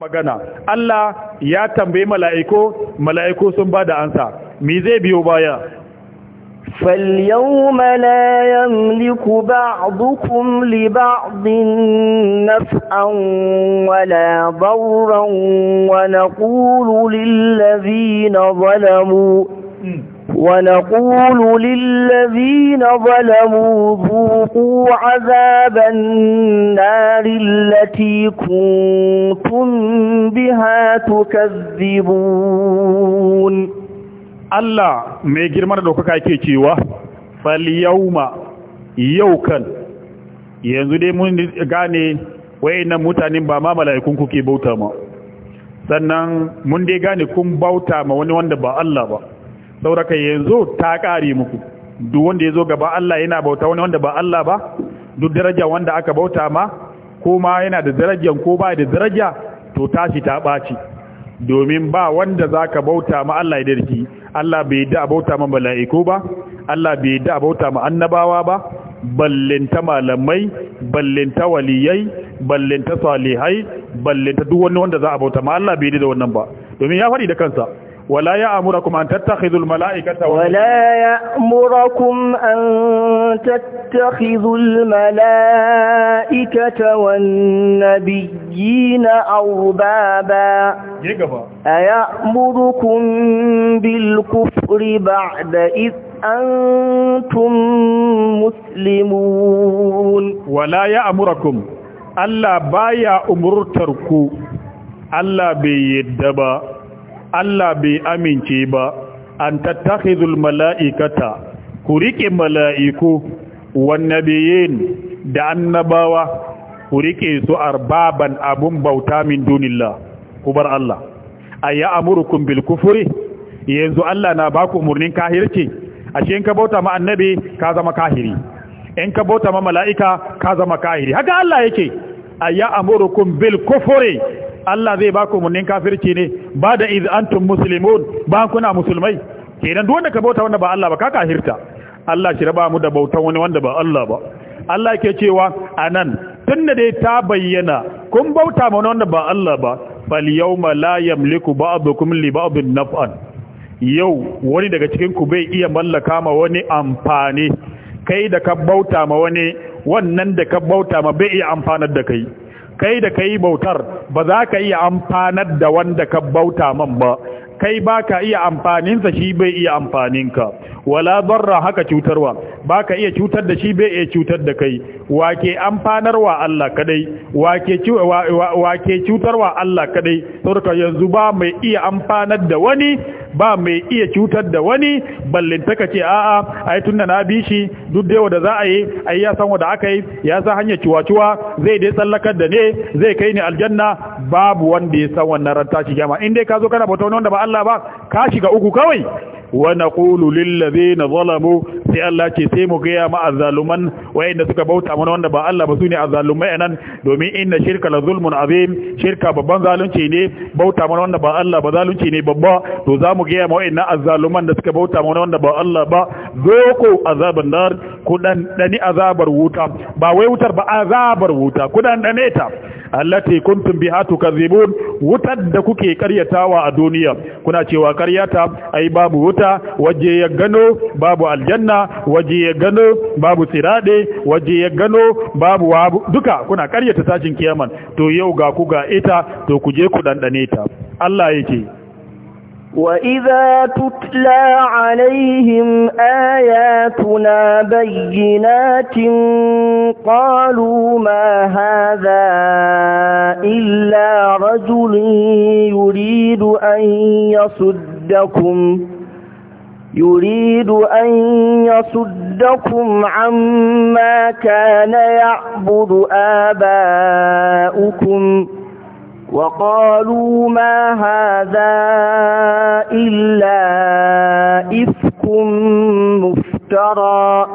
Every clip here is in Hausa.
magana Allah ya tambayi mala'iko mala'iko sun ba da amsa me zai biyo baya fal yawma la yamliku ba'dukum li ba'din naf'an wa la darran wa naqulu lil ladhina zalamu ونقول للذين ظلموا ذوقوا عذاب النار التي كنتم بها تكذبون الله mai girmar dokaka yake cewa fal yauma yaukan yanzu dai mun gane wayannan mutanen ba ma mala'ikun kuke bauta ma sannan mun dai gane kun bauta ma wani wanda ba Allah ba sauraka yanzu ta kare muku duk wanda ya zo gaba Allah yana bauta wani wanda ba Allah ba duk daraja wanda aka bauta ma ko ma yana da darajar ko ba da daraja to tashi ta baci domin ba wanda zaka bauta ma Allah ya dirki Allah bai da bauta ma mala'iku ba Allah bai da bauta ma annabawa ba ballinta malamai ballinta waliyai ballinta salihai ballinta duk wani wanda za a bauta ma Allah bai da wannan ba domin ya faɗi da kansa ولا يأمركم أن تتخذوا الملائكة ولا يأمركم أن تتخذوا الملائكة والنبيين أربابا أيأمركم بالكفر بعد إذ أنتم مسلمون ولا يأمركم ألا بايا أمرتركو ألا بيدبا Allah bai amince ba an tattakhidul mala'ikata ku rike mala'iku wan nabiyyin da annabawa ku rike su arbaban abun bauta min dunillah ku bar Allah ayya amurukum bil kufri yanzu Allah na baku umurnin kahirci ashe in ka bauta ma annabi ka zama kahiri in ka bauta ma mala'ika ka zama kahiri haka Allah yake ayya amurukum bil kufri Allah zai ba ku munnin kafirci ne ba da iz antum muslimun ba kuna musulmai kenan duk wanda ka bauta wanda ba Allah ba ka kafirta Allah shi raba mu da bautan wani wanda ba Allah ba Allah ke cewa anan tunda dai ta bayyana kun bauta ma wanda ba Allah ba fal yawma la yamliku ba'dukum li ba'din naf'an yau wani daga cikin ku bai iya mallaka ma wani amfani kai da ka bauta ma wani wannan da ka bauta ma bai iya amfanar da kai kai da kai bautar ba za ka iya amfanar da wanda ka bauta man ba kai ba ka iya amfaninsa shi bai iya amfaninka wala darra haka cutarwa baka iya cutar da shi bai iya cutar da kai wake amfanarwa Allah kadai wake wake cutarwa Allah kadai saboda yanzu ba mai iya amfanar da wani ba mai iya cutar da wani ballintaka ce a'a ai tunda na bi shi duk da da za a yi ai ya san wanda aka yi ya san hanyar ciwaciwa zai dai tsallakar da ne zai kai ni aljanna babu wanda ya san wannan ran shi jama'a in dai ka zo kana bauta wanda ba Allah ba ka shiga uku kawai wa naqulu lil ladina zalamu sai Allah ce sai mu gaya ma azzaluman wa'inda suka bauta mana wanda ba Allah ba su sune azzalumai nan domin inna shirka la zulmun azim shirka babban zalunci ne bauta mana wanda ba Allah ba zalunci ne babba to za mu gaya ma wayannan azzaluman da suka bauta mana wanda ba Allah ba zoko azaban nar kudan dani azabar wuta ba wai wutar ba azabar wuta kudan dane ta allati kuntum biha tukazibun wutar da kuke karyatawa a duniya kuna cewa karyata ai babu wuta waje ya gano babu aljanna waje ya gano babu sirade waje ya gano babu wabu duka kuna karyata tashin kiyaman to yau ga ku ga ita to ku je ku dandane ta Allah yake وَإِذَا تُتْلَى عَلَيْهِمْ آيَاتُنَا بَيِّنَاتٍ قَالُوا مَا هَذَا إِلَّا رَجُلٌ يُرِيدُ أَن يَصُدَّكُمْ يُرِيدُ أَن يَصُدَّكُمْ عَمَّا كَانَ يَعْبُدُ آبَاؤُكُمْ وقالوا ما هذا إلا إفك مفترى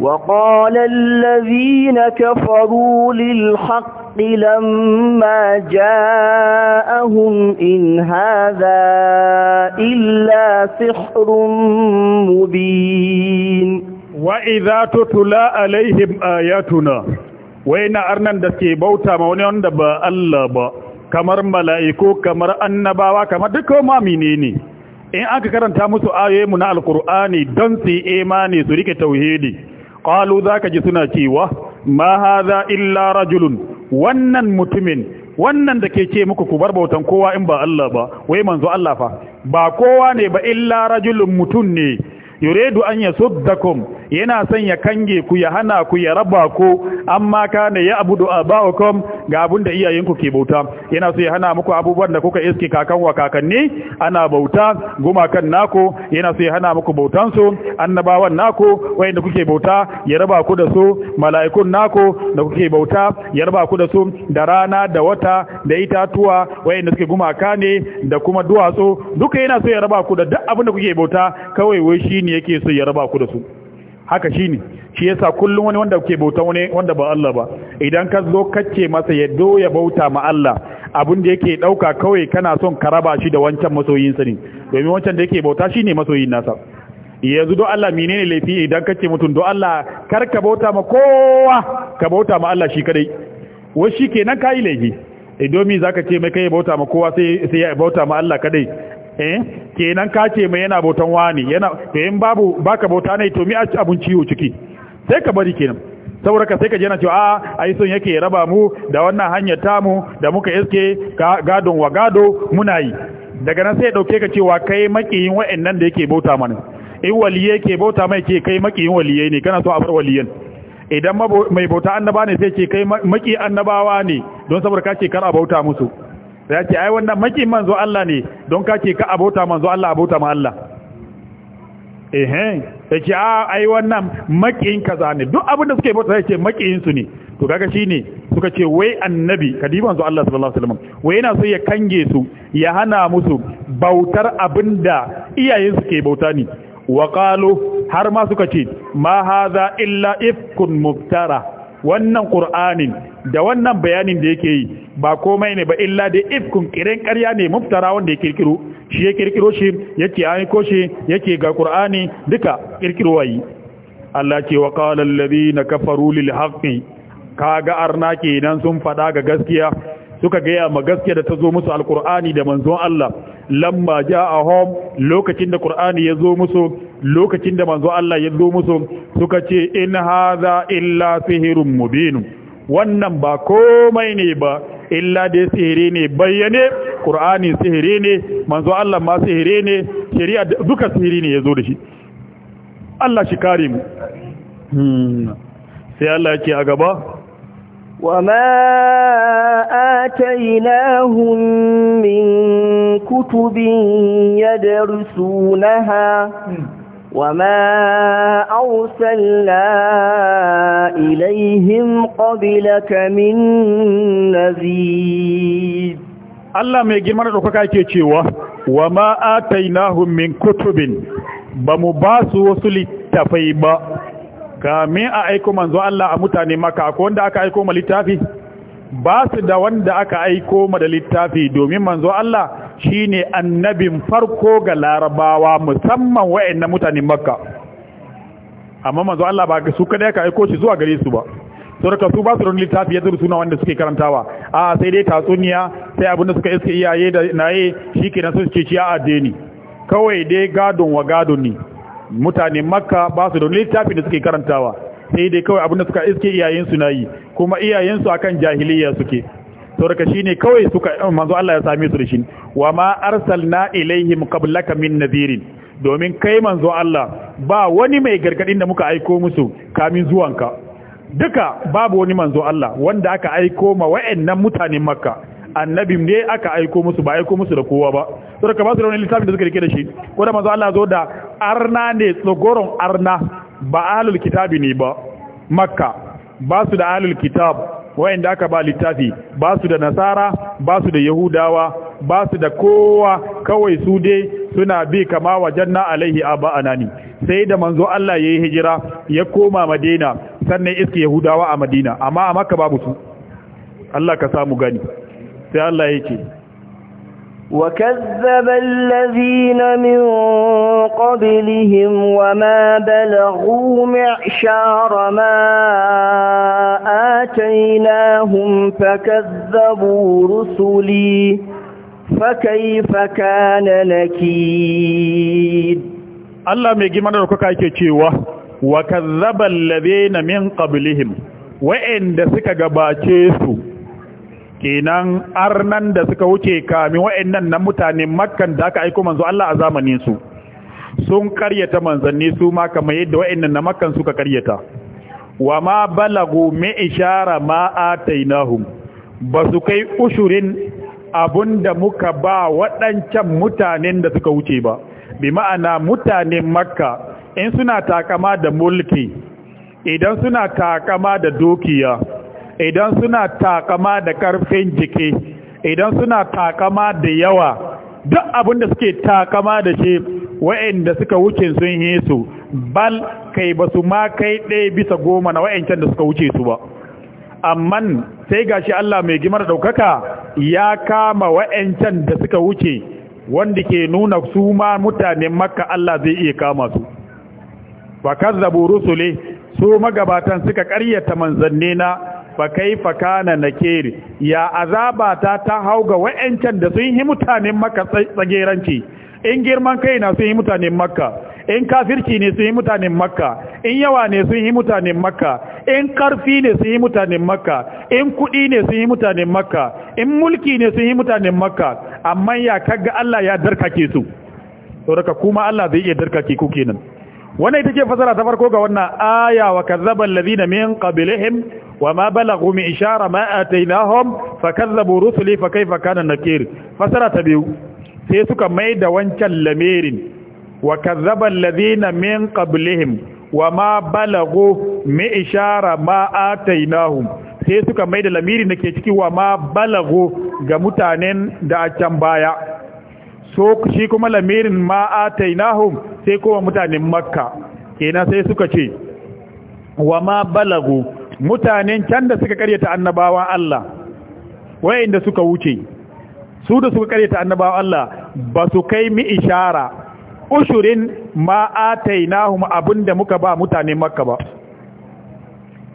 وقال الذين كفروا للحق لما جاءهم إن هذا إلا سحر مبين وإذا تتلى عليهم آياتنا wai na arnan da ke bauta ma wani wanda ba Allah ba kamar mala'iku kamar annabawa kamar dukkan mine ne in aka karanta musu mu na alkur'ani don su yi imani su rike tauhidi qalu zaka ji suna cewa ma hadha illa rajulun wannan mutumin wannan da ke ce muku ku bar bautan kowa in ba Allah ba wai manzo Allah fa ba kowa ne ba illa rajulun mutum ne yuridu an yasuddakum yana son ya kange ku ya hana ku ya raba ku amma kana ya abudu aba'ukum ga abun da iyayenku ke bauta yana so ya hana muku abubuwan da kuka iske kakan wa kakanni ana bauta gumakan naku yana so ya hana muku bautan su annabawan naku wayanda kuke bauta ya raba ku da su mala'ikun naku da kuke bauta ya raba ku da su da rana da wata da itatuwa wayanda suke gumaka ne da kuma duwatsu duka yana so ya raba ku da duk abin da kuke bauta kawai wai shine yake so ya raba ku da su haka shi ne shi yasa kullum wani wanda ke bauta wani wanda ba Allah ba idan ka zo kacce masa ya doya ya bauta ma Allah abin da yake ɗauka kawai kana son ka raba shi da wancan masoyin ne domin wancan da yake bauta shi ne masoyin nasa yanzu do Allah menene laifi idan kace mutum do Allah kar ka bauta ma kowa ka bauta ma Allah shi kadai wai shi kenan kai laifi eh, domin zaka ce mai kai bauta ma kowa sai sai ya bauta ma Allah kadai eh kenan ka ce mai yana bautan wani yana to in babu baka bauta ne to mi a abun ciwo ciki sai ka bari kenan saboda ka sai ka jana cewa a ah, ai son yake raba mu da wannan hanyar tamu da muka iske gadon wa gado muna yi daga nan sai ya dauke ka cewa kai makiyin wa'annan da yake bauta mana in waliye ke bauta mai ce kai makiyin waliye ne kana so a bar waliyan idan mai bauta annaba ne sai ce kai maki annabawa ne don saboda ka ce kar a bauta musu sai ce ai wannan maki manzo Allah ne don kake ka abota manzo Allah abota ma Allah ehe sai ce a ai wannan makiyin kaza ne duk abin da suke bauta sai ce makiyin su ne to kaga shine suka ce wai annabi kadiban manzo Allah sallallahu alaihi wasallam wai yana so ya kange su ya hana musu bautar abinda iyayen su ke bauta ne wa qalu har ma suka ce ma hadha illa ifkun muftara wannan qur'anin da wannan bayanin da yake yi ba komai ne ba illa da ifkun kiran ƙarya ne muftara wanda ya kirkiro shi ya kirkiro shi yake ayi ko shi yake ga qur'ani duka kirkiro wayi Allah ce wa qala alladhina kafaru lil haqqi kaga arna kenan sun fada ga gaskiya suka gaya ma gaskiya da tazo musu alkur'ani da manzon Allah lamma ja'ahum lokacin da qur'ani ya zo musu lokacin da manzon Allah ya zo musu suka ce in hadha illa sihirun mubin wannan ba komai ne ba illa dai sihiri ne bayyane qur'ani sihiri ne manzo Allah ma sihiri ne shari'a duka sihiri ne yazo da shi Allah shi kare mu hmm. sai Allah yake a gaba وما آتيناهم من كتب يدرسونها وما أرسلنا إليهم قبلك من نذير Allah mai da ɗaukaka ke cewa wa ma atainahum min kutubin ba mu ba su wasu littafai ba kamin a aiko manzo Allah a mutane maka ko wanda aka aiko ma littafi ba su da wanda aka aiko ma da littafi domin manzo Allah shine annabin farko ga larabawa musamman wa'annan mutanen makka amma manzo Allah ba su kada ya aiko shi zuwa gare su ba da su ba su da littafi ya zuru suna wanda suke karantawa a sai dai tatsuniya sai abin da suka iske iyaye da naye shi ke nan sun ce shi a addini kawai dai gadon wa gadon ne mutane makka ba su da littafi da suke karantawa sai dai kawai abin da suka iske iyayensu na yi kuma iyayensu akan jahiliya suke shi ne kawai suka manzo Allah ya sami su da shi wa ma arsalna ilaihim qablaka min nadhirin domin kai manzo Allah ba wani mai gargadin da muka aiko musu kamin zuwanka duka babu wani manzo Allah wanda aka aiko ma wayannan mutanen Makka annabi ne aka aiko musu ba aiko musu da kowa ba sauraka ba su da wani littafin da suka rike da shi ko da manzo Allah zo da arna ne tsogoron arna ba ahlul kitabi ne ba Makka ba su da ahlul kitab wayanda aka ba littafi ba su da nasara ba su da yahudawa ba su da kowa kawai su dai suna bi kama wajen na alaihi aba anani sai da manzo Allah ya yi hijira ya koma madina sannan iska yahudawa a madina amma a maka babu su Allah ka samu gani sai Allah ya ce وكذب الذين من قبلهم وما بلغوا معشار ما آتيناهم فكذبوا رسلي فكيف كان نكيد الله ميجي من ركوكا يكيشيوه وكذب الذين من قبلهم وإن دسك قباتيسو kenan arnan da suka wuce kamin wa'annan nan mutanen makkan da aka aiko manzo Allah a zamaninsu, sun karyata manzanni su ma kamar yadda wa'annan na makkan suka karyata wa ma balagu mi ishara ma atainahum ba su kai ushurin abun da muka ba waɗancan mutanen da suka wuce ba bi ma'ana mutanen makka in suna takama da mulki idan suna takama da dukiya idan suna takama da ƙarfin jiki idan suna takama da yawa duk abin da suke takama da shi wa'inda suka wuce sun yi su bal kai ba su ma kai ɗaya bisa goma na wa'incan da suka wuce su ba amma sai ga shi Allah mai gimar ɗaukaka ya kama wa'incan da suka wuce wanda ke nuna su ma mutanen makka Allah zai iya kama su ba da rusule su magabatan suka ƙaryata manzanni na fa Fakana kana nakir ya azaba ta ta hauga wa'ancan da sun yi mutanen makka tsageranci in girman kai na sun yi mutanen makka in kafirci ne sun yi mutanen makka in yawa ne sun yi mutanen makka in karfi ne sun yi mutanen makka in kudi ne sun yi mutanen makka in mulki ne sun yi mutanen makka amma ya kaga Allah ya darkake su saboda kuma Allah zai iya darkake ku kenan wannan ita ce fasara ta farko ga wannan aya wa kazzaba allazina min qablihim وما بلغوا من إشارة ما آتيناهم فكذبوا رسلي فكيف كان النكير فسرة بيو سيسوك ميدا وانشا لمير وكذب الذين من قبلهم وما بلغوا من إشارة ما آتيناهم sai suka mai da lamirin da ke ciki wa ma balago ga mutanen da a can baya so shi kuma lamirin ma atainahum sai kuma mutanen makka kenan sai suka ce wa ma balago mutanen can da suka karyata annabawan Allah wayanda suka wuce su da suka karyata annabawan Allah ba su kai mi ishara ushurin ma atainahum abinda muka ba mutane makka ba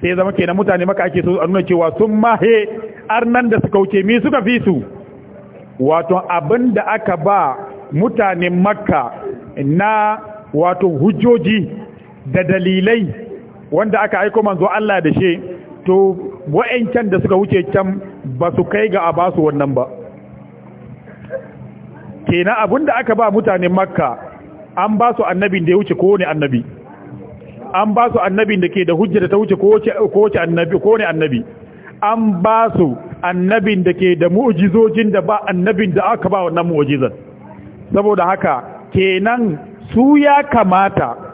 sai zama kenan mutane maka ake so a nuna cewa sun mahe arnan da suka wuce mi suka fi su wato abin da aka ba mutanen makka na wato hujjoji da dalilai wanda aka aiko manzo Allah da shi to wa'ancan da suka wuce can ba su kai ga a ba su wannan ba kenan abinda aka ba mutanen makka an ba su annabin da ya wuce kowane annabi an ba su annabin da ke da hujja da ta wuce kowace annabi kowane annabi an ba su annabin da ke da mu'jizojin da ba annabin da aka ba wannan mu'jizan saboda haka kenan su ya kamata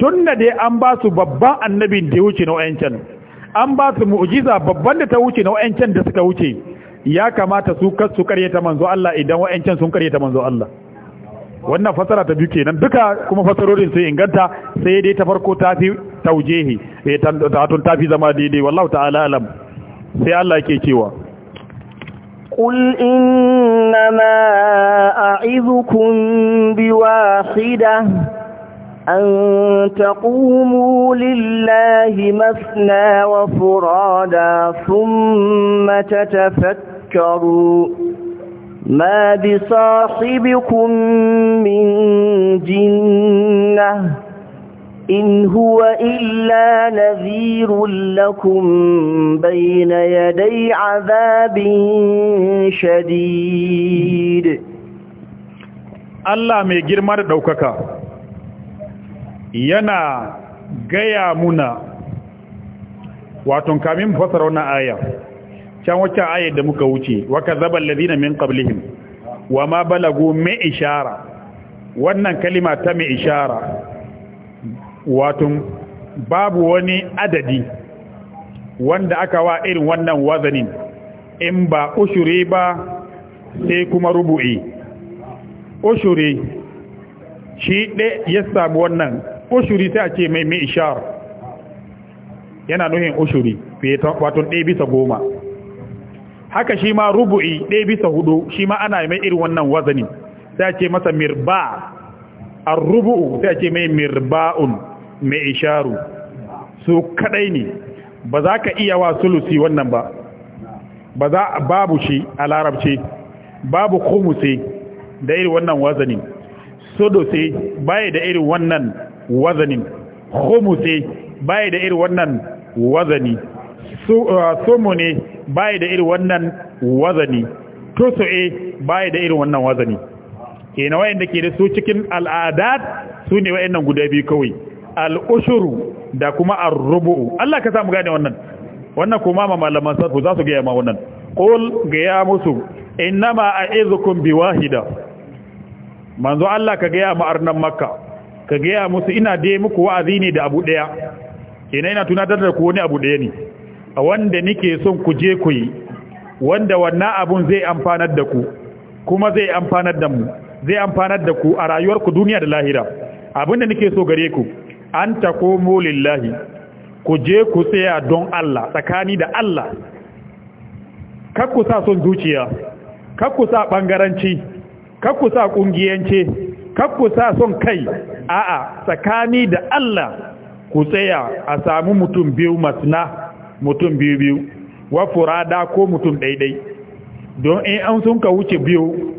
tun da dai an ba su babban annabin da ya wuce na wa'ancan an ba su mu'ujiza babban da ta wuce na wa'ancan da suka wuce ya kamata su su karyata manzo Allah idan wa'ancan sun karyata manzo Allah wannan fasara ta biyu kenan duka kuma fasarorin sun inganta sai dai ta farko ta fi taujehi eh ta fi zama daidai wallahu ta'ala alam sai Allah yake cewa قل إنما أعظكم بواحدة أن تقوموا لله مثنى وفرادا ثم تتفكروا ما بصاحبكم من جنة إن هو إلا نذير لكم بين يدي عذاب شديد الله مي أو كاكا yana gaya muna wato kamin fasara wannan aya can wacce ayar da muka wuce wa zaban lazina min qablihim wa ma balagu mi ishara wannan kalima ta mai ishara Wato babu wani adadi wanda aka wa irin wannan wazanin in ba ushuri ba sai kuma rubu'i ushuri shi ɗe ya samu wannan ushuri sai a ce mai mai ishar yana nuhin ushuri wato ɗaya bisa goma haka shi ma rubu'i ɗaya bisa hudu shi ma ana mai irin wannan wazani sai a ce masa mirba a rubu'u sai a ce mai mirba'un mai isharu su kadai ne ba za ka iya wa sulusi wannan ba ba za babu shi a larabci babu kumusi da irin wannan wazanin sai baya da irin wannan wazanin khumuse bai da iri wannan wazani somo ne bai da iri wannan wazani tusu'e bai da irin wannan wazani wayan uh, da ke da su cikin al'adat su ne nan guda biyu kawai al'ushuru da kuma arrubu Allah ka samu gane wannan wannan kuma ma malaman sarfu za su gaya ma wannan qul gaya ya musu innama a'izukum biwahida manzo Allah ka gaya ya ma arnan makka ka gaya musu ina dai muku wa'azi ne da abu daya kenan ina tunatar da ku wani abu daya ne a wanda nike son ku je ku yi wanda wannan abun zai amfanar da ku kuma zai amfanar da mu zai amfanar da ku a rayuwarku duniya da lahira abin da nike so gare ku an komo lillahi ku je ku tsaya don Allah tsakani da Allah kakku sa son zuciya kakku sa bangaranci kakku sa kungiyanci kakku sa son kai a'a tsakani da Allah ku tsaya a samu mutum biyu masna mutum biyu biyu wa furada ko mutum ɗaiɗai don in an sun ka wuce biyu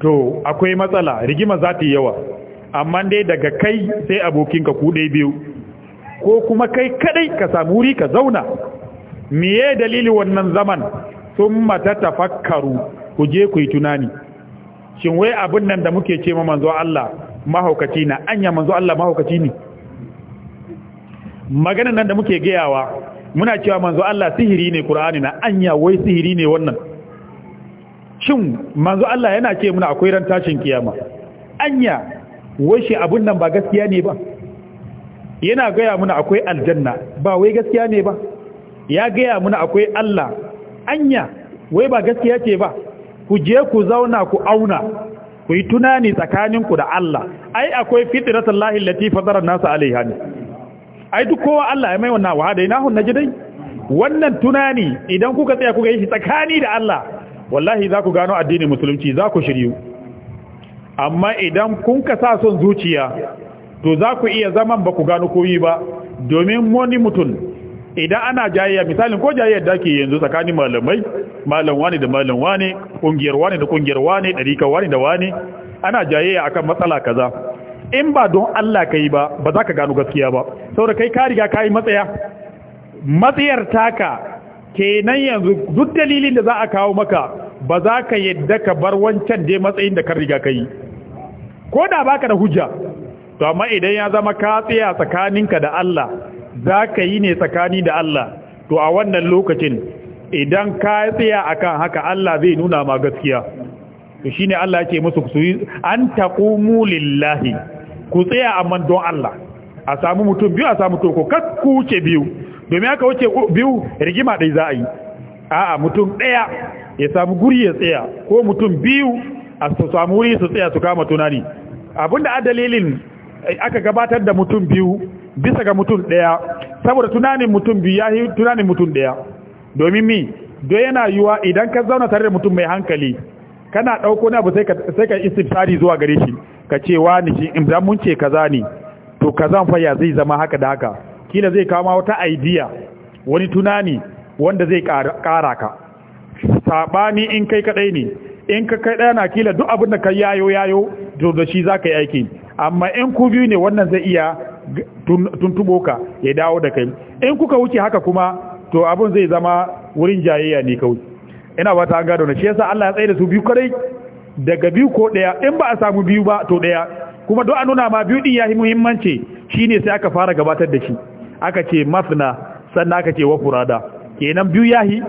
to akwai matsala rigima za ta yawa amma dai daga kai sai abokinka ku ɗai biyu ko kuma kai kadai ka samu wuri ka zauna miye dalili wannan zaman sun mata tafakkaru ku je ku yi tunani shin wai abin nan da muke ce ma manzo Allah mahaukaci na anya manzo Allah mahaukaci ne Maganar nan da muke gayawa muna cewa manzo Allah sihiri ne Qur'ani na anya wai sihiri ne wannan shin manzo Allah yana ce muna akwai ran tashin kiyama anya wai shi abun nan ba gaskiya ne ba yana gaya muna akwai aljanna ba wai gaskiya ne ba ya gaya muna akwai Allah anya wai ba gaskiya ce ba ku je ku zauna ku auna ku yi tunani tsakaninku da Allah ai akwai fitratul lahi latifa fadara nasu alaiha ne ai duk kowa Allah ya mai wannan wahada ina hun naji dai wannan tunani idan kuka tsaya kuka yi shi tsakani da Allah wallahi za ku gano addinin musulunci za ku shiryu amma idan kun ka sa son zuciya to za ku iya zaman ba ku gano koyi ba domin wani mutum idan ana jayayya misalin ko jayayyar da ke yanzu tsakanin malamai malam wani da malam wani kungiyar wani da kungiyar wani ɗarika wani da wani ana jayayya akan matsala kaza in ba don Allah ka yi ba ba za ka gano gaskiya ba saboda kai ka riga ka yi matsaya matsayar taka kenan yanzu duk dalilin da za a kawo maka ba za ka yadda ka bar wancan dai matsayin da ka riga ka yi ko da baka da hujja to amma idan ya zama ka tsaya tsakaninka da Allah za ka yi ne tsakani da Allah to a wannan lokacin idan ka tsaya akan haka Allah zai nuna ma gaskiya to shine Allah ce musu su an taqumu lillahi ku tsaya amma don Allah a samu mutum biyu a samu toko kakku ce biyu domin aka wuce biyu rigima ɗai za a yi a'a mutum ɗaya ya samu guri ya tsaya ko mutum biyu a su samu wuri su tsaya su kama tunani abinda a dalilin aka gabatar da mutum biyu bisa ga mutum ɗaya saboda tunanin mutum biyu yahi tunanin mutum ɗaya domin mi don yana yiwuwa idan ka zauna tare da mutum mai hankali kana ɗauko na abu sai ka sai zuwa gare shi ka ce wani shi idan mun ce kaza ne to kazan faya zai zama haka da haka kila zai kama wata idea wani tunani wanda zai ƙara ka saɓani in kai kaɗai ne in ka kai ɗaya na kila duk abin da ka yayo yayo to da shi za ka yi aiki amma in ku biyu ne wannan zai iya tuntubo ka ya dawo da kai in kuka wuce haka kuma to abin zai zama wurin jayayya ne kawai ina ba ta gado na shi yasa Allah ya tsaye da su biyu kare daga biyu ko daya in ba a samu biyu ba to daya kuma don an nuna ma biyu din yayi muhimmanci shine sai aka fara gabatar da shi aka ce masna sannan aka ce wa furada kenan biyu yahi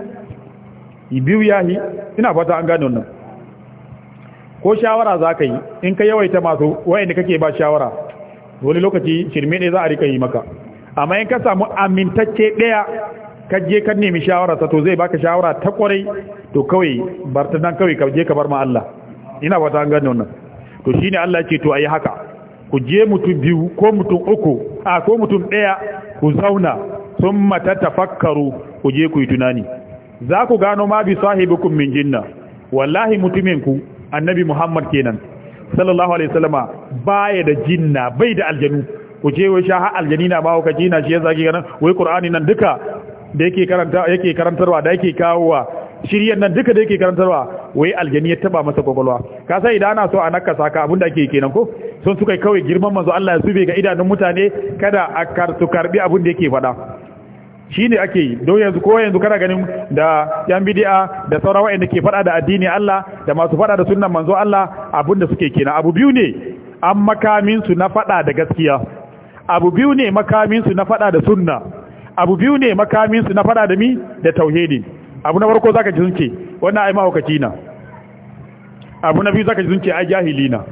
biyu yahi ina fata an gane wannan ko shawara za ka yi in ka yawaita masu wayanda kake ba shawara wani lokaci shirme ne za a rika yi maka amma in ka samu amintacce ɗaya ka je ka nemi shawara sa to zai baka shawara ta kwarai to kawai bar ta nan kawai ka je ka bar ma Allah ina fata an gane wannan to shine Allah ce to ayi haka ku je mutum biyu ko mutum uku a ko mutum ɗaya ku zauna summa tatafakkaru ku je ku yi tunani za ku gano ma bi sahibukum min jinna wallahi mutumin ku annabi muhammad kenan sallallahu alaihi wasallama baya da jinna bai da aljanu ku ce wai sha ha aljanina ba ka jina shi ya zagi ganin wai qur'ani nan duka da yake karanta yake karantarwa da yake kawowa shiryan nan duka da yake karantarwa wai aljani ya taba masa kokolwa ka sai idan ana so a naka saka abinda ake kenan ko sun suka kawai girman manzo Allah ya sube ga idanun mutane kada a kar su karbi abin da yake faɗa shi ne ake yi don yanzu ko yanzu kana ganin da yan bidi'a da sauran wa'anda ke fada da addini Allah da masu fada da sunnan manzo Allah abinda suke kenan abu biyu ne an makamin su na fada da gaskiya abu biyu ne makamin su na fada da sunna abu biyu ne makamin su na fada da mi da tauhidi abu na farko zaka ji sunce wannan ai mahaukaci na abu na biyu zaka ji sunce ai jahili na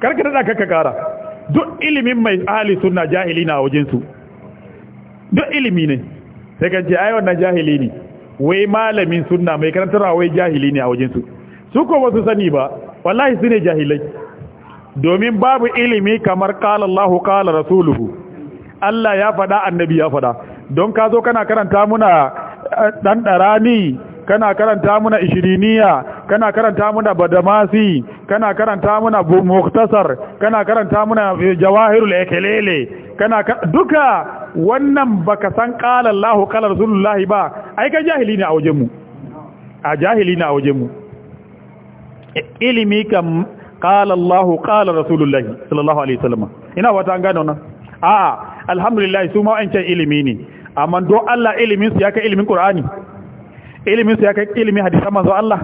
karka da ka kara duk ilimin mai ahli sunna jahili na wajen su duk ilimi ne sai kan ce ai wannan jahili ne wai malamin sunna mai karantarwa wai jahili ne a wajen su su ko ba su sani ba wallahi su ne jahilai domin babu ilimi kamar qala Allah qala rasuluhu Allah ya fada annabi ya fada don ka zo kana karanta muna dan eh, darani kana karanta muna ishiriniya kana karanta muna badamasi kana karanta muna muktasar kana karanta muna eh, jawahirul ekelele kana duka wannan ba ka san qala Allahu qala Rasulullahi ba ai ka jahili ne a wajenmu a jahili ne a wajenmu mu ilimi kam qala Allahu qala Rasulullahi sallallahu alaihi wasallam ina wata an gano nan a alhamdulillah su ma an ce ilimi ne amma don Allah iliminsu ya kai ilimin Qur'ani iliminsu ya kai ilimin hadisan manzo Allah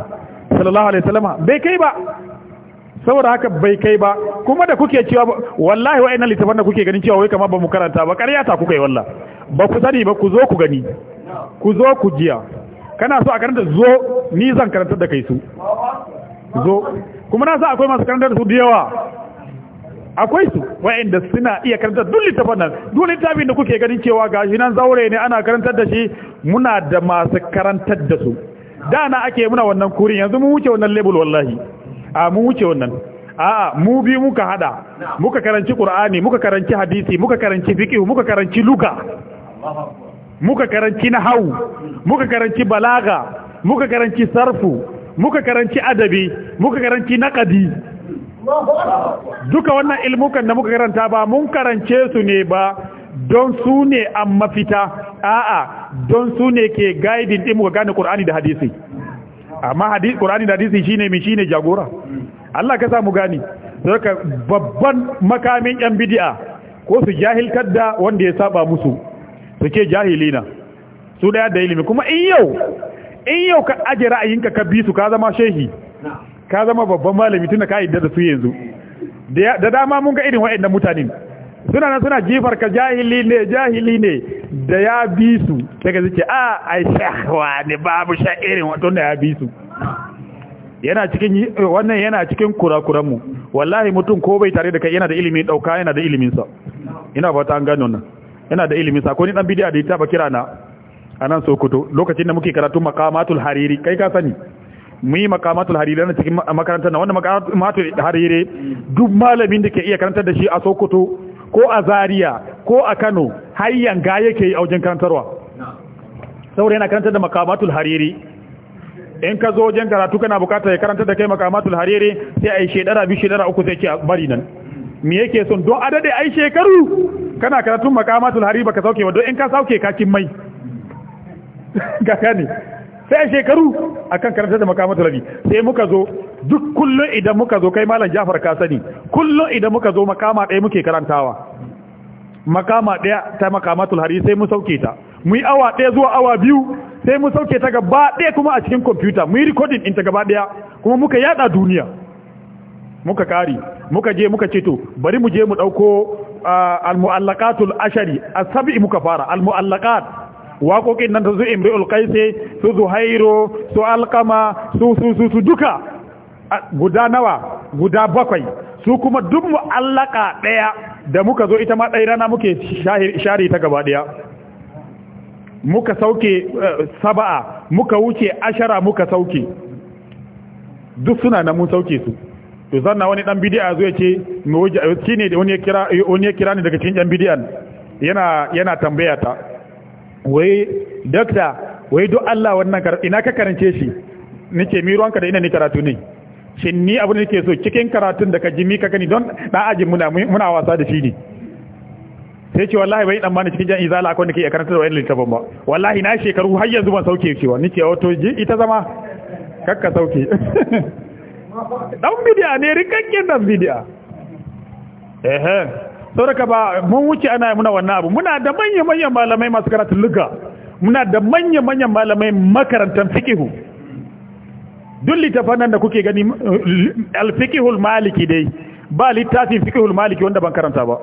sallallahu alaihi wasallam bai kai ba saboda haka bai kai ba kuma da kuke cewa wallahi wa'annan littafan da kuke ganin cewa wai kamar ba mu karanta ba ƙarya ta kuka yi wallah ba ku sani ba ku zo ku gani ku zo ku jiya kana so a karanta zo ni zan karanta da kai su zo kuma na sa akwai masu karanta da su da yawa akwai su wa'anda suna iya karanta duk littafin nan duk littafin da kuke ganin cewa gashi nan zaure ne ana karantar da shi muna da masu karantar da su da na ake muna wannan kurin yanzu mun wuce wannan label wallahi a mun wuce wannan a'a mu bi muka hada muka karanci qur'ani muka karanci hadisi muka karanci fiqh muka karanci luka muka karanci nahwu muka karanci balaga muka karanci sarfu muka karanci adabi muka karanci naqadi duka wannan ilmukan da muka karanta ba mun karance su ne ba don su ne an mafita a'a don su ne ke guiding din muka gane qur'ani da hadisi amma hadisi qur'ani da hadisi shine mi shine jagora Allah ka samu gani saka babban makamin yan bid'a ko su jahil kadda wanda ya saba musu su ce jahilina su da da ilimi kuma in yau in yau ka aje ra'ayinka ka bi su ka zama shehi ka zama babban malami tunda ka yadda da su yanzu da dama mun ga irin waɗannan mutanen suna nan suna jifar ka jahili ne jahili ne da ya bi su daga zuke a ai shahwa ne babu sha irin wato da ya bi su yana cikin wannan yana cikin kura mu wallahi mutum ko bai tare da kai yana da ilimin dauka yana da ilimin sa ina ba ta an gano nan yana da ilimin sa ko ni dan bidiya da ita ba kira na anan sokoto lokacin da muke karatu maqamatul hariri kai ka sani mu yi makamatul hariri na cikin makarantar na wannan makamatul hariri duk malamin da ke iya karantar da shi a sokoto ko a Zariya ko a Kano har yanga yake yi aujin karantarwa saboda yana karantar da makamatul hariri in ka zo wajen karatu kana bukatar ya karantar da kai makamatul hariri sai a yi shedara biyu shedara uku sai ke bari nan me yake son don adade ai shekaru kana karatun makamatul hariri baka sauke ba don in ka sauke kakin mai ga gane sai a shekaru akan karanta da makamatu rabi sai muka zo duk kullum idan muka zo kai malam Jafar ka sani kullum idan muka zo makama ɗaya muke karantawa makama ɗaya ta makamatul hari sai mu sauke ta mu yi awa ɗaya zuwa awa biyu sai mu sauke ta gaba ɗaya kuma a cikin kwamfuta mu yi rikodin ɗin ta gaba ɗaya kuma muka yada duniya muka kari muka je muka ce to bari mu je mu ɗauko ah, almu'allakatul ashari a sabi muka fara almu'allakat ke nan ta su imri'ul qaisi su zuhairu su alqama su su su su duka guda nawa guda bakwai su kuma duk mu'allaka daya da muka zo ita ma ɗaya rana muke shari ta gaba daya muka sauke eh, saba'a muka wuce ashara muka sauke duk suna na mun sauke su to zanna wani dan bidi'a zo ya ce me waje shine wani ya kira wani ya kira ni daga cikin dan bidi'an yana yana tambaya ta wai dokta wai duk Allah wannan karatu ina ka karance shi nake mi ruwanka da ina ni karatu ne shin ni abin da ke so cikin karatun da ka ji mi ka gani don da ajin muna muna wasa da shi ne sai ce wallahi bai dan bani cikin jan izala akwai da ke iya karanta da wayan littafin ba wallahi na shekaru har yanzu ban sauke cewa ke wato ji ita zama kakka sauke dan bidiya ne rikakken dan bidiya ehe sauraka ba mun wuce ana muna wannan abu muna da manya-manyan malamai masu karatun luka muna da manya-manyan malamai makarantar fikihu duk littafan da kuke gani alfikihul maliki dai ba littafin fikihul maliki wanda ban karanta ba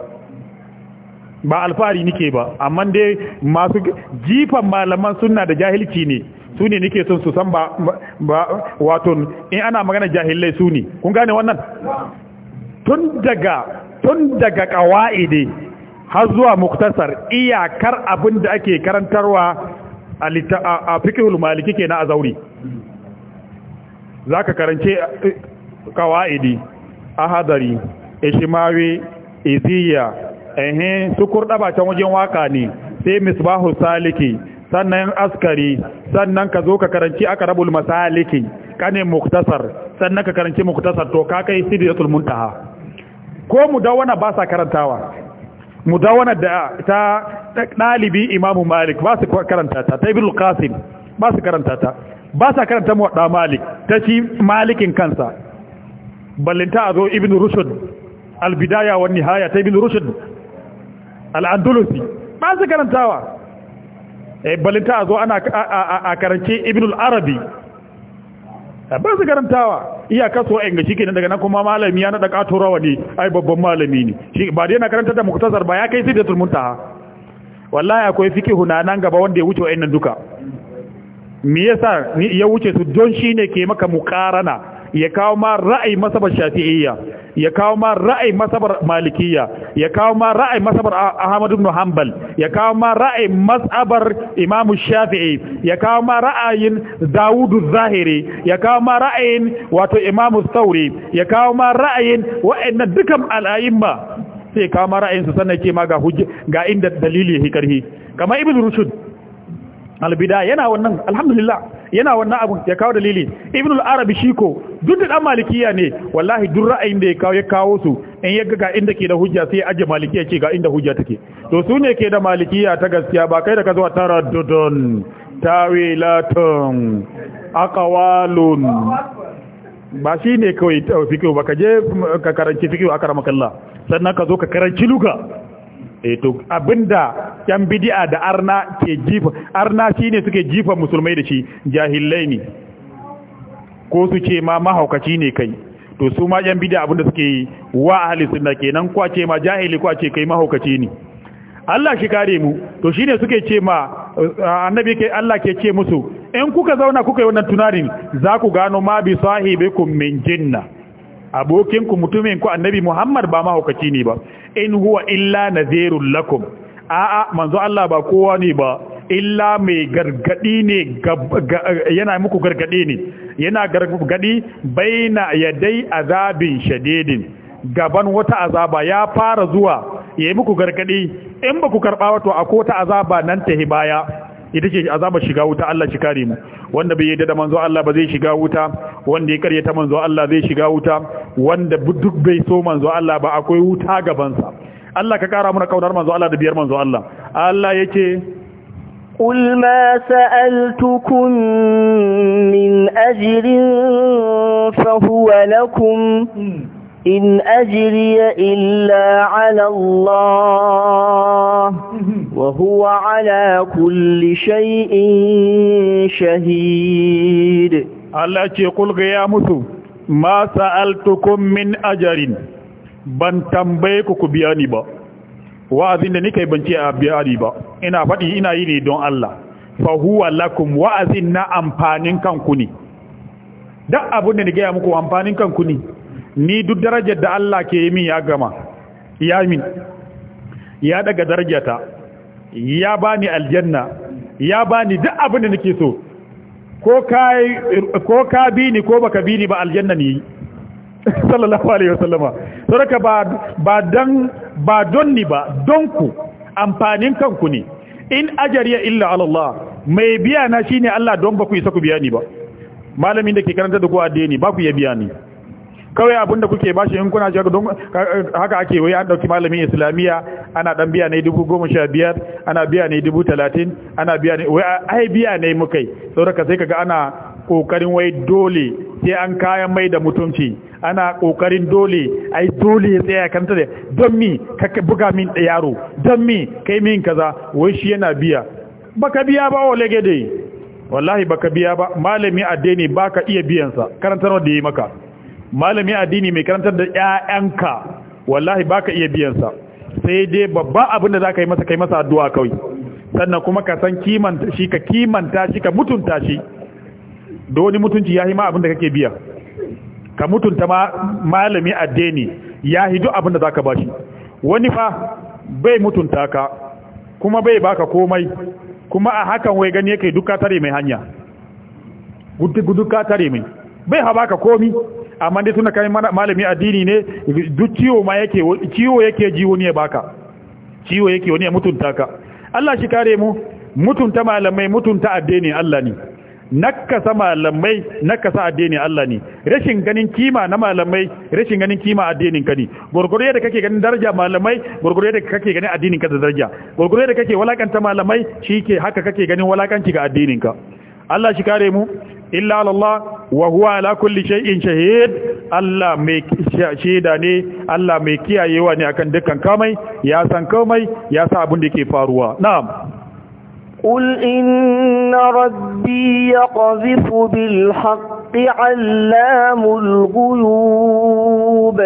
ba alfahari nike ba amma dai masu jifan malaman sunna da jahilci ne su ne nike son su san ba wato in ana magana jahilai su ne kun gane wannan tun daga tun daga ƙawa'ide har zuwa muktasar iyakar abin da ake karantarwa a fikihul maliki ke na a zauri za ka karance eh, ƙawa'ide hadari ishimawi iziya ehin su kurɗa can wajen waka ne sai misbahu saliki sannan askari sannan ka zo ka karanci akarabul masaliki ƙanin muktasar sannan ka karanci muktasar to ka kai sidratul muntaha ko mu mudawwana ba sa karantawa mu mudawwana da ta dalibi imamu malik ba su karanta ta ta ibnu qasim ba su karanta ta ba sa karanta mu muwadda malik ta shi malikin kansa ballinta a zo ibnu rushd al-bidaya wa nihaya ta ibnu rushd al-andalusi ba su karantawa eh ballinta a ana a karanci ibnu arabi ba su karantawa iyaka so in ga shi kenan daga nan kuma malami ya nada kato rawani ai babban malami ne shi ba dai na karanta da muktasar ba ya kai sai da turmuntaha wallahi akwai fiki na nan gaba wanda ya wuce wa'annan duka me yasa ya wuce su don shine ke maka mukarana ya kawo ma ra'ayi masabar shafi'iyya ya kawo ma ra'ayi masabar malikiyya ya kawo ma ra'ayi masabar ahmad ibn hanbal ya kawo ma ra'ayi masabar imam shafi'i ya kawo ma ra'ayin dawud zahiri ya kawo ma ra'ayin wato imam sauri ya kawo ma ra'ayin wa'annan dukan al'ayimma sai kawo ma ra'ayin su sannan ke ma ga hujja ga inda dalili ya karhi kamar ibn rushd albida yana wannan alhamdulillah yana wannan abun ya kawo dalili ibn al-arabi shiko duk da dan malikiya ne wallahi duk ra'ayin da ya kawo ya kawo su in ya ga inda ke da hujja sai aje malikiya ce ga inda hujja take to su ne ke da malikiya ta gaskiya ba kai da ka zuwa taraddudun tawilatun aqwalun ba shi ne kawai fikiyo ba ka je ka karanci fikiyo a kalla sannan ka zo ka karanci luka eh to abinda yan bidi'a da arna ke jifa arna shi ne suke jifa musulmai da shi jahilai ne ko su ce ma mahaukaci ne kai to su ma bidi'a bid'a abinda suke yi wa a halittu na kenan kwa ce ma jahili kwa ce kai mahaukaci ne Allah shi kare mu to shine suke ce ma eh, annabi ke Allah ke ce musu in kuka zauna kuka yi wannan tunanin za ku gano ma bi sahibikum min jinna abokinku mutumin ku annabi Muhammad ba mahaukaci ne ba in huwa illa zerun lakum a'a manzo Allah ba kowa ne ba illa mai gargadi ne yana muku gargadi ne yana gargadi baina yadai azabin shadidin gaban wata azaba ya fara zuwa yayi muku gargadi in ba ku karba wato ko wata azaba nan ta baya ita ce azaba shiga wuta Allah shi kare mu wanda bai yadda da manzo Allah ba zai shiga wuta wanda ya karyata manzo Allah zai shiga wuta wanda duk bai so manzo Allah ba akwai wuta gabansa Allah ka kara mana kaunar manzo Allah da biyar manzo Allah Allah yake قل ما سألتكم من أجر فهو لكم In أجري إلا على الله وهو على كل شيء شهيد Allah ce kulga ya mutu ma sa'altukum ajarin ban tambaye ku ku biya ni ba wa'azin da nake ban ce a biya ni ba ina faɗi ina yi ne don Allah fa huwa wa'azin na amfanin kanku ne duk abin da nake ya muku amfanin kanku ne ni duk darajar da Allah ke yi min ya gama ya min ya daga darajata ya bani aljanna ya bani duk abin da nake so ko kai ko ka bi ni ko baka bi ni ba aljanna ne sallallahu alaihi wasallama saraka ba ba dan ba don ni ba don ku amfanin kanku ne in ajariya illa ala Allah mai biya na shine Allah don ba ku isa ku biya ni ba malamin da ke karanta da ku addini ba ku ya biya ni kawai abin da kuke bashi in kuna shaka don haka ake wai an dauki malamin islamiyya ana dan biya ne dubu goma sha biyar ana biya ne dubu talatin ana biya ne wai ai biya ne mukai yi sauraka sai kaga ana kokarin wai dole sai an kayan mai da mutunci ana kokarin dole ai dole ya tsaya kanta da don mi ka buga min da yaro don mi kai min kaza wai shi yana biya baka biya ba wa legede wallahi baka biya ba malami addini baka iya biyansa karantar da yi maka malami addini mai karantar da ƴaƴanka wallahi baka iya biyan sa sai dai babba abin da zaka yi masa kai masa addu'a kawai sannan kuma ka san kimanta shi ka kimanta shi ka mutunta shi da wani mutunci yahi ma abin da kake biya ka mutunta ma malami addini yahi duk abin da zaka bashi wani fa bai mutunta ka kuma bai baka komai kuma a hakan wai gani yake duka tare mai hanya ka tare mai bai ha baka komi amma dai tunda kai malami addini ne duk ciwo ma yake ciwo yake ji wani ya baka ciwo yake wani ya mutunta ka Allah shi kare mu mutunta malamai mutunta addini Allah ne nakasa malamai nakasa addini Allah ne rashin ganin kima na malamai rashin ganin kima addinin ka ne gurgure yadda kake ganin daraja malamai gurgure yadda kake ganin addinin ka da daraja gurgure yadda kake walakanta malamai shi ke haka kake ganin walakanci ga addinin ka Allah shi kare mu illa Allah wa huwa ala kulli shay'in shahid Allah mai shaida ne Allah mai kiyayewa ne akan dukkan komai ya san komai ya san abin da ke faruwa na'am inna rabbi ربي يقذف بالحق علام الغيوب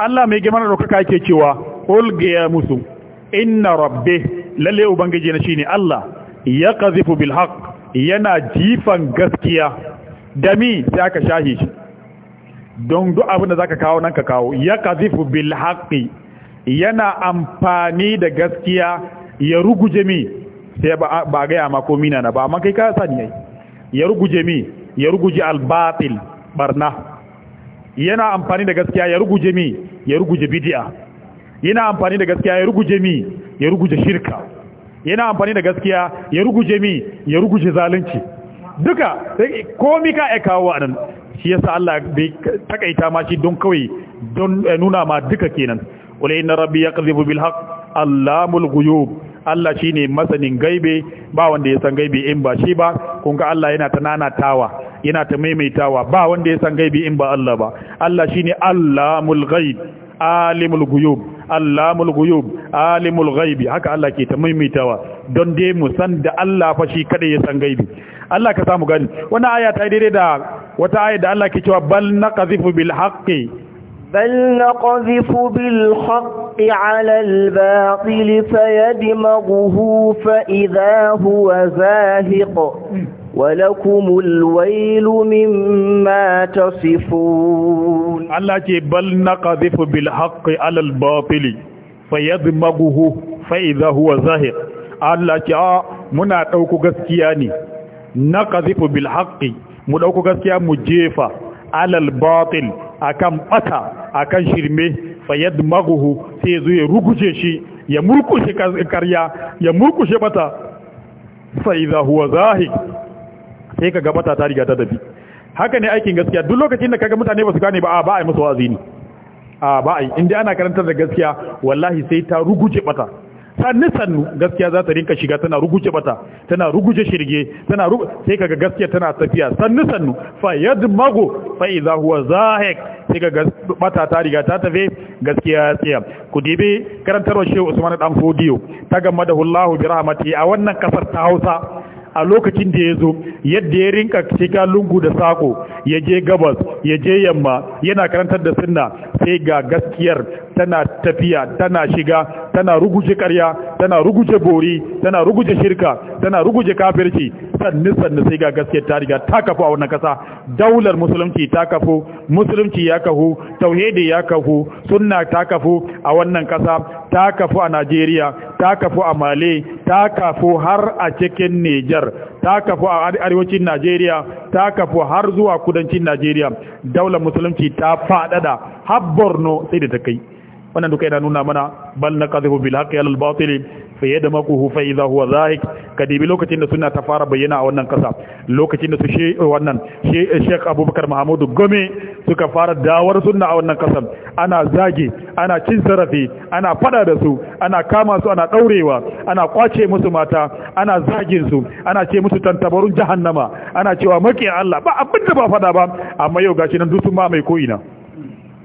Allah mai gima da roƙaƙa ke cewa qul ya musu inna rabbi lalle ubangiji na shine Allah ya qazifu bil haqq yana jifan gaskiya dami sai aka shahi shi don duk abin da ka kawo nan ka kawo ya kazifu bil haƙi yana amfani da gaskiya ya ruguje mi sai ba ga ma ko mina na ba amma kai ka sani yayi ya ruguje mi ya ruguje al batil barna yana amfani da gaskiya ya ruguje mi ya ruguje bid'a yana amfani da gaskiya ya ruguje mi ya ruguje shirka yana amfani da gaskiya ya ruguje mi ya ruguje zalunci duka komi ka ya kawo anan shi yasa Allah bai takaita ma shi don kawai don eh, nuna ma duka kenan wala inna rabbi yaqdhibu bil haqq allamul ghuyub Allah shine masanin gaibe ba wanda ya san gaibe in ba shi ba kun ga Allah yana ta nanatawa yana ta maimaitawa ba wanda ya san gaibe in ba Allah ba Allah shine allamul ghaib alimul ghuyub allamul ghuyub al ghaibi haka Allah ke ta maimaitawa don dai mu san da Allah fa shi kada ya san gaibi Allah ka samu gani wannan aya ta daidai da wata aya da Allah ke cewa bal naqzifu bil haqqi bal naqzifu bil haqqi ala al batil fayadmaghu fa idha huwa zahiq hmm. ولكم الويل مما تصفون الله بل نقذف بالحق على الباطل فيدمغه فإذا هو ظاهر Allah ce a ah, muna ɗauko gaskiya ne na ƙazifu bilhaƙi mu ɗauko gaskiya mu jefa alal batil akan bata akan shirme fayyad maguhu sai zo ya rukushe shi ya murkushe karya ya murkushe bata sai za huwa zahi sai ka gabata ta riga ta tafi haka ne aikin gaskiya duk lokacin da kaga mutane ba su gane ba a ba a yi musu wazi ne a ba a yi inda ana karantar da gaskiya wallahi sai ta ruguje bata sannu sannu gaskiya za ta rinka shiga tana ruguje bata tana ruguje shirge tana sai kaga gaskiya tana tafiya sannu sannu fa yadmago fa idha huwa zahik sai kaga bata ta riga ta tafe gaskiya tsaya ku dibe karantarwa shehu Usman dan Fodiyo ta gamma da Allahu bi rahmatihi a wannan kasar ta Hausa a lokacin da ya zo yadda ya rinka shiga lungu da sako ya je gabas ya je yamma yana karantar da sunna sai ga gaskiyar tana tafiya tana shiga tana ruguje karya tana ruguje bori tana ruguje shirka tana ruguje kafirci sannu sannu sai ga gaskiyar ta riga ta kafu a wannan kasa daular musulunci ta kafu musulunci ya kahu tauhidi ya kahu sunna ta kafu a wannan kasa ta kafu a Najeriya ta kafu a Mali ta kafu har a cikin nijar ta kafu a arewacin Najeriya ta kafu har zuwa kudancin Najeriya daular musulunci ta faɗaɗa har Borno sai da ta kai wannan duka yana nuna mana bal naqadhu bil haqqi al batil fa yadmaquhu fa idha huwa zahik kadibi lokacin da sunna ta fara bayyana a wannan kasa lokacin da su she wannan Sheikh Abubakar mahamudu Gome suka fara dawar sunna a wannan kasan ana zagi ana cin zarafi ana fada da su ana kama su ana daurewa ana kwace musu mata ana zagin su ana ce musu tantabarun jahannama ana cewa maki Allah ba abinda ba fada ba amma yau gashi nan dutsun ma mai ko'ina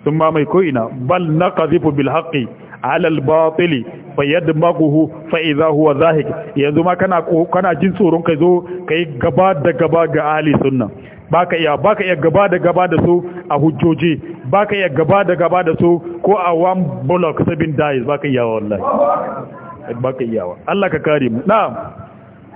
sun mamaye ko'ina bal na kazifu bil haƙi alal batili fa yadda maguhu fa iza huwa zahik yanzu ma kana jin tsoron ka zo ka yi gaba da gaba ga ahli sunna baka iya baka iya gaba da gaba da su a hujjoji baka iya gaba da gaba da su ko a one block seven days baka iya wallahi baka iya Allah ka kare mu na'am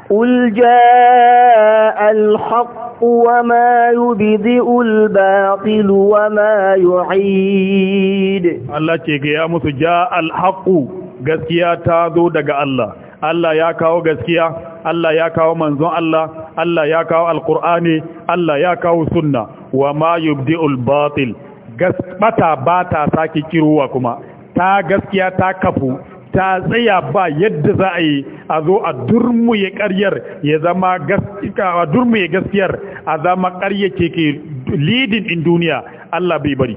قل جاء الحق وما يبدئ الباطل وما يعيد الله ce ya musu ja alhaqu gaskiya ta zo daga Allah Allah ya kawo gaskiya Allah ya kawo manzon Allah Allah ya kawo alqur'ani Allah ya kawo sunna wama yubdi'ul batil gaskata ba ta sake kiruwa kuma ta gaskiya ta kafu ta tsaya ba yadda za a yi a zo a durmuye karyar ya zama gaskiya a durmuye gaskiyar a zama karyar ke ke in duniya Allah bai bari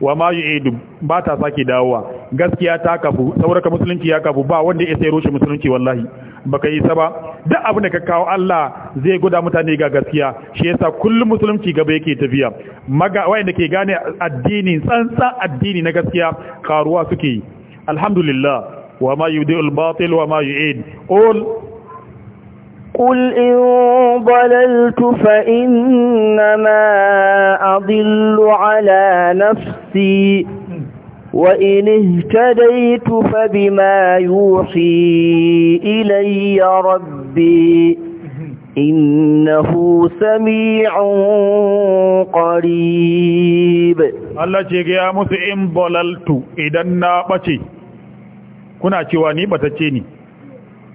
wa ma idu ba ta sake dawowa gaskiya ta kafu ka musulunci ya kafu ba wanda ya sai rushe musulunci wallahi baka yi saba ba duk abin da ka kawo Allah zai guda mutane ga gaskiya shi yasa kullum musulunci gaba yake tafiya maga wayanda ke gane addini tsantsa addini na gaskiya karuwa suke yi alhamdulillah وما يدئ الباطل وما يعيد قل قل إن ضللت فإنما أضل على نفسي وإن اهتديت فبما يوحي إلي ربي إنه سميع قريب الله يا مسئم ضللت إذا نابتي kuna cewa ni batacce ne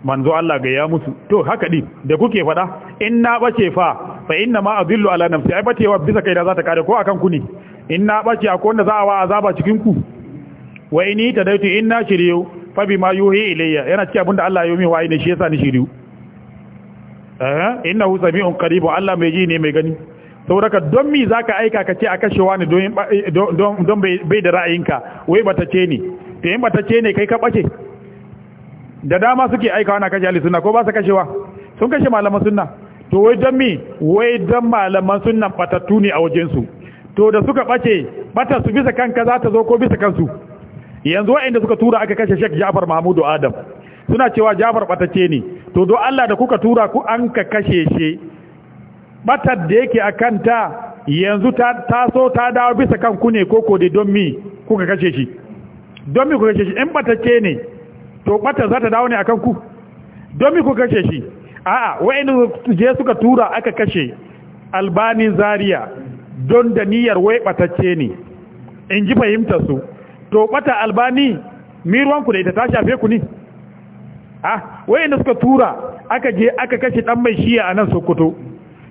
manzo Allah ga ya musu to haka din da kuke faɗa in na bace fa fa inna ma azillu ala nafsi ai wa bisa kai da za ta kare ko akan ku ne in na bace akwai wanda za a wa azaba cikin ku wa ini tadaitu in na shiriyu fa bima yuhi ilayya yana cikin abinda Allah ya yi wa ne shi yasa ni shiriyu eh hu sami'un qaribu Allah mai ji ne mai gani sauraka don mi zaka aika ka ce a kashewa ne don don bai da ra'ayinka wai bata ce ne ba ta ce ne kai ka bace da dama suke aikawa na kashe suna ko ba su kashewa sun kashe malaman sunna to wai don mi wai don malaman sunnan batattu ne a wajensu to da suka bace bata su bisa kanka za ta zo ko bisa kansu yanzu waɗanda suka tura aka kashe Sheikh Ja'far Mahmudu Adam suna cewa Ja'far batacce ne to do Allah da kuka tura ku an ka kashe shi batar da yake a ta yanzu ta taso ta dawo bisa kanku ne ko ko don mi kuka kashe shi don mi ku kashe shi in batacce ne to batar za ta dawo ne a kanku don mi ku kashe shi a'a wa'in je suka tura aka kashe albanin Zariya don da niyyar wai batacce ne in ji fahimtar su to bata albani miruwan ku da ita ta shafe ku ne a wai da suka tura aka je aka kashe dan mai shiya a nan sokoto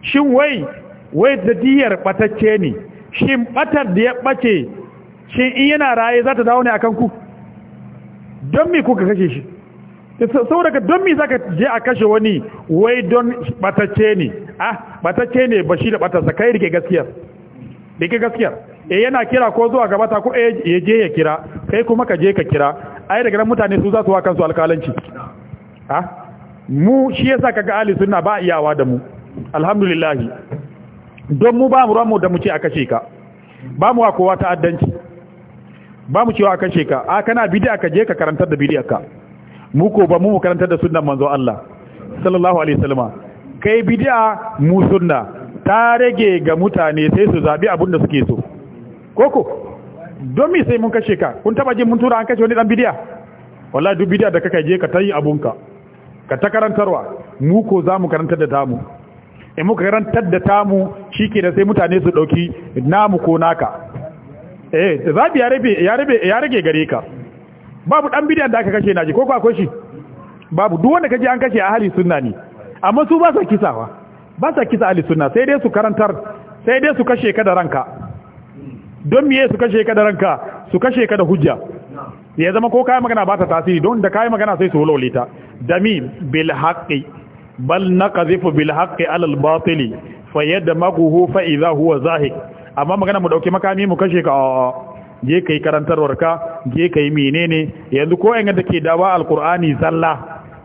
shin wai wai da diyar batacce ne shin batar da ya bace shin in yana raye za ta dawo ne kan ku don mi kuka kashe shi Daga don za zaka je a kashe wani wai don batacce ne ah batacce ne ba shi da batarsa kai rike gaskiyar rike gaskiyar e yana kira ko zuwa gaba ta ko eh, ya je ya kira kai kuma ka je ka kira ai daga nan mutane su za su wa kansu alƙalanci ah mu shi yasa kaga Ali sunna ba iyawa da mu alhamdulillah don mu ba mu ramu da mu ce a kashe ka ba mu wa kowa ta'addanci ba mu cewa a kashe ka a kana bidiya ka je ka karantar da bidiyar ka mu ko ba mu karantar da sunnan manzo Allah sallallahu alaihi wasallama kai bidiya mu sunna ta rage ga mutane sai su zabi abin da suke so koko don me sai mun kashe ka kun taba jin mun tura an kashe wani dan bidiya wallahi duk bidiya da kaka je ka tayi abun ka ka ta karantarwa mu ko za mu karantar da tamu in muka karantar da tamu shike da sai mutane su dauki namu ko naka eh zabi ya rabe ya rabe ya rage gare ka babu dan bidiyan da aka kashe naji ko ko akwai shi babu duk wanda kaje an kashe ahli sunna ne amma su ba sa kisawa ba sa kisa ahli sunna sai dai su karantar sai dai su kashe ka da ranka don miye su kashe ka da ranka su kashe ka da hujja ya zama ko kai magana ba ta tasiri don da kai magana sai su wolole ta dami bil haqqi bal naqzifu bil haqqi ala al batil fayadmaghu fa idha huwa zahiq amma magana mu dauke makami mu kashe ka a'a je kai karantarwar ka je kai menene yanzu ko yanga take dawa alqur'ani zalla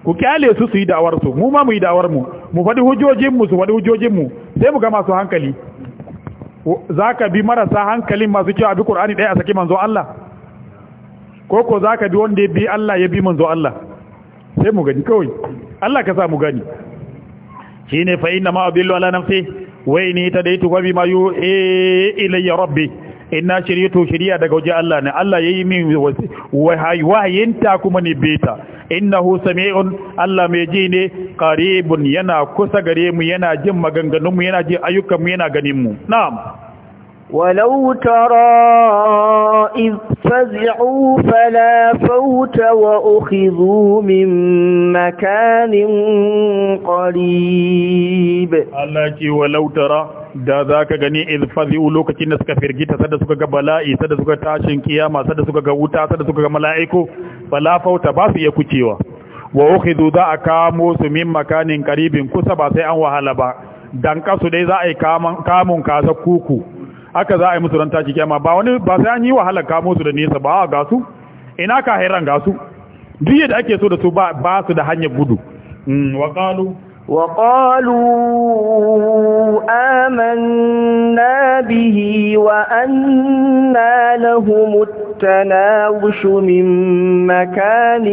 ku kyale su su yi dawar su mu ma mu yi dawar mu mu fadi hujojin mu su fadi hujojin mu sai mu ga masu hankali zaka bi marasa hankalin masu cewa bi qur'ani dai a saki manzo Allah ko ko zaka bi wanda ya bi Allah ya bi manzo Allah sai mu gani kawai Allah ka sa mu gani shine fa inna ma adillu ala nafsi waini tadaitu wa bima yu'i ilayya rabbi inna shiryatu shiriya daga waje Allah ne Allah yayi min wahayinta kuma ni beta innahu sami'un Allah mai ji ne qaribun yana kusa gare mu yana jin maganganun mu yana ji ayyukan mu yana ganin mu na'am ولو ترى إذ فزعوا فلا فوت وأخذوا من مكان قريب الله ولو ترى da za ka gani izfazi'u lokacin da suka firgita sada suka ga bala'i sada suka tashin kiyama sada suka ga wuta sada suka ga mala'iku bala fauta ba su iya kucewa wa ukhidhu za a kamo su min makanin karibin kusa ba sai an wahala ba dan kasu dai za a yi kamun kasa kuku Aka za a yi musu ran taki kiyama ba wani ba sai an yi wahalar kamo su da nesa ba a su ina ka hairan ga su duk yadda ake so da su ba su da hanyar gudu mm, wa qalu wa qalu amanna bihi wa anna lahumut التناوش من مكان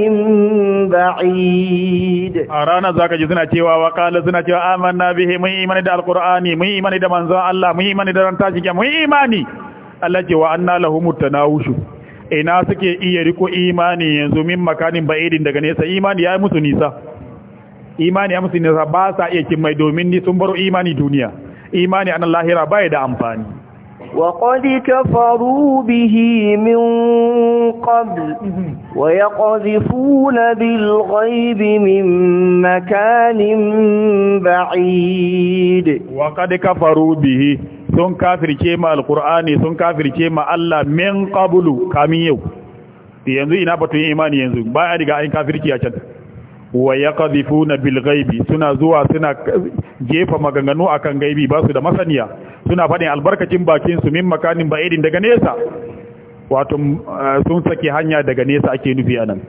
بعيد أرانا ذاك جزنا تيوا وقال زنا تيوا آمنا به من إيمان دا القرآن من إيمان دا منزوى الله من إيمان دا رنتاجك من إيماني الله جوا أنا لهم التناوش ina suke iya riko imani yanzu min makanin ba'idin daga nesa imani ya yi musu nisa imani ya musu iya kin mai domin sun baro imani duniya imani an lahira bai da amfani وقد كفروا به من قبل ويقذفون بالغيب من مكان بعيد وقد كفروا به sun kafirce ma alkur'ani sun kafirce ma Allah min qablu kamin yau yanzu ina batun imani yanzu ba a riga an kafirki a can wa na bil ghaibi suna zuwa suna jefa maganganu akan gaibi ba su da masaniya suna fadin albarkacin bakin su min makanin ba'idin daga nesa wato eh, sun saki hanya daga nesa ake nufi anan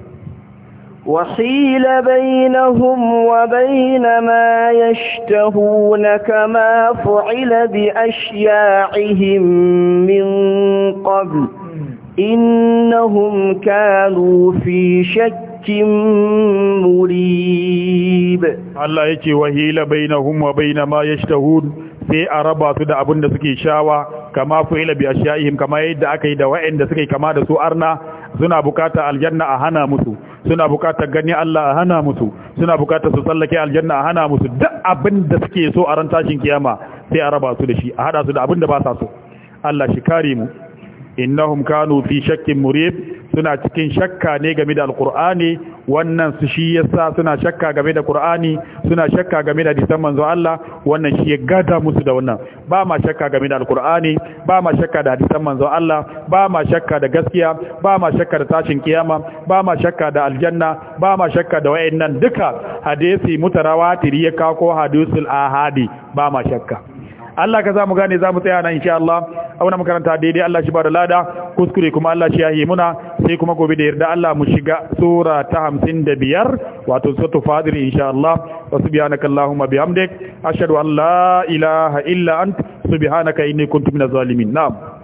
وحيل بينهم وبين ما يشتهون كما فعل بأشياعهم من قبل إنهم كانوا في شك murib Allah yake wahila bainahum wa bainama yashtahun sai a raba su da abin da suke shawa kama fuhila bi ashiyahim kama yadda aka yi da wa'anda suke kama da su arna suna bukata aljanna a hana musu suna bukatar gani Allah a hana musu suna bukatar su tsallake aljanna a hana musu duk abin da suke so a ran tashin kiyama sai a raba su da shi a hada su da abin da ba sa so Allah shi kare mu innahum kanu fi shakkin murib suna cikin shakka ne game da alkur'ani wannan su shi yasa suna shakka game da qur'ani suna shakka game da hadisan manzo Allah wannan shi ya gada musu da wannan ba ma shakka game da alkur'ani ba ma shakka da hadisan manzo Allah ba ma shakka da gaskiya ba ma shakka da tashin kiyama ba ma shakka da aljanna ba ma shakka da wayannan duka hadisi mutarawatir ya kako hadisul ahadi ba ma shakka Allah ka za mu gane za mu tsaya nan insha Allah a makaranta daidai Allah shi ba da lada kuskure kuma Allah shi yahi muna sai kuma gobe da yarda Allah mu shiga sura ta biyar, wato suratul fadir insha Allah wa subhanaka allahumma bihamdik ashhadu an la ilaha illa ant subhanaka inni kuntu minaz zalimin na'am